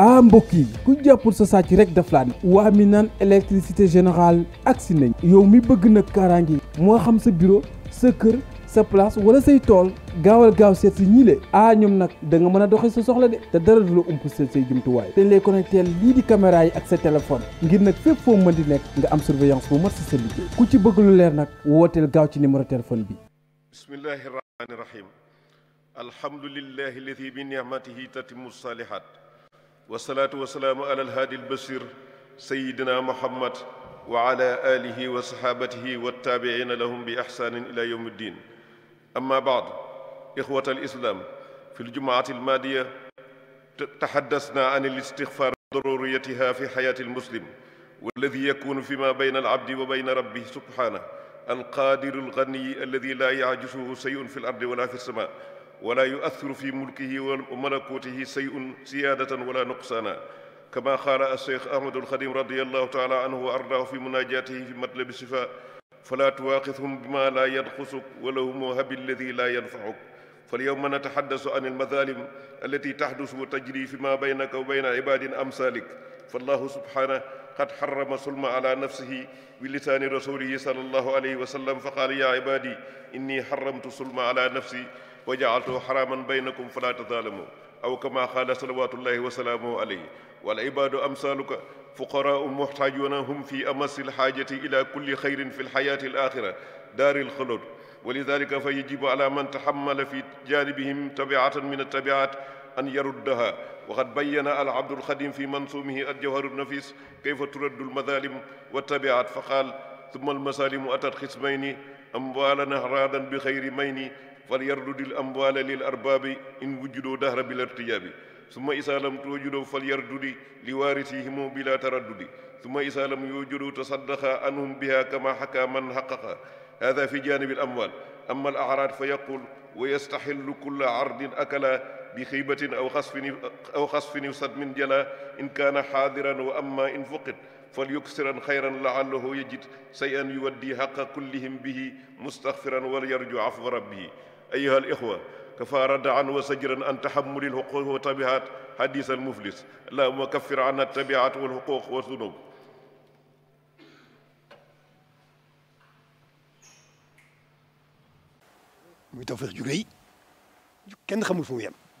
ah mbokk yi ku jàppul sa sàcc rek daf laa ne waa mi naan électricité ak si nañ yow mi bëgg nag kaaraange moo xam sa bureau sa kër sa place wala say tool gaawal gaaw seet si ñii le ah ñoom nag da nga mën a doxee sa soxla de te dara du la umpaseel say jumtuwaay te ñu lay connecté lii di caméra yi ak sa téléphone ngir nag fépp foo mën di nekk nga am surveillance bu mat si sa liggéey ku ci bëgg lu leer nag wooteel gaaw ci numéro téléphone bi bismillahi rahmani rahim alhamdulillahi alladi bi nicmatihi tatimu salihat wasalaatu wasalaamu ala alhaadi albasir sayidina muhammad wa ala alihi wa saxaabatihi wa taabiciina lahum bi ixsaanin ila yowmi ddin amma baad ixwat alislaam fi ljumaati almaadiya taxaddasna an alistixfaar daruriyatiha fi xayaati almuslim walladi yakunu fi ma bayna alabdi wa bayna rabbih subhaanahu alqaadiru alganiyi alladi laa yaajusuhu shayun fi l ardi wala fi lsama wala yuathiru fi mulkihi wa malakutihi shay'un siyaadatan wala nuqsaana kama qaala ash-shaykh ahmadu al-xadim radiyallahu taala anhu wa ardaahu fi munaajaatihi fi matlabi shifa fala tuwaaqithhum bima laa yanqusuk wala hum habi alladi laa yanfauk falyawma natahaddasu an almadalim allati tahdusu wa tajri fi ma baynaka wa bayna ibadin amsalik fallahu subhanahu qad harrama sulma ala nafsihi bi lisaani rasulihi sallallahu alayhi wa sallam fa qaala ya ibadi inni harramtu sulma ala nafsi wa jaaltuhu xaraaman baynakum falaa tazaalamu aw kama qaala salawaatullahi wa salaamuhu alayhi wal ibaadu amsaaluka fuqaraau muxtaajuuna hum fi amasi lxaajati ila kulli xayrin fi lxayaati alaaxira daari lxalood wa lidaalika fa yajibu ala man taxammala fi jaanibihim tabiatan min altabiat an yaruddaha waqad bayyana al abdul xadim fi mansuumihi al jawharu nafis kayfa turaddu almazaalim wa tabiat fa qaal ثم المسالم أتت خصمين أموالا أهرادا بخير مين فليردد الأموال للأرباب إن وجدوا دهر بلا ارتياب ثم إذا لم توجدوا فليردد لوارثهم بلا تردد ثم إذا لم يوجدوا تصدق عنهم بها كما حكى من حقق هذا في جانب الأموال أما الأعراض فيقول ويستحل كل عرض أكلا بخيبة أو خسف أو خسف يسد من جلا إن كان حاضرا وأما إن فقد فليكسرا خيرا لعله يجد شيئا يودي حق كلهم به مستغفرا وليرجو عفو ربه أيها الإخوة كفى ردعا وسجرا عن تحمل الحقوق والطبيعات حديث المفلس اللهم كفر عنا التبعات والحقوق والذنوب muy Tawfekh ju rëy kenn xamul fu mu yem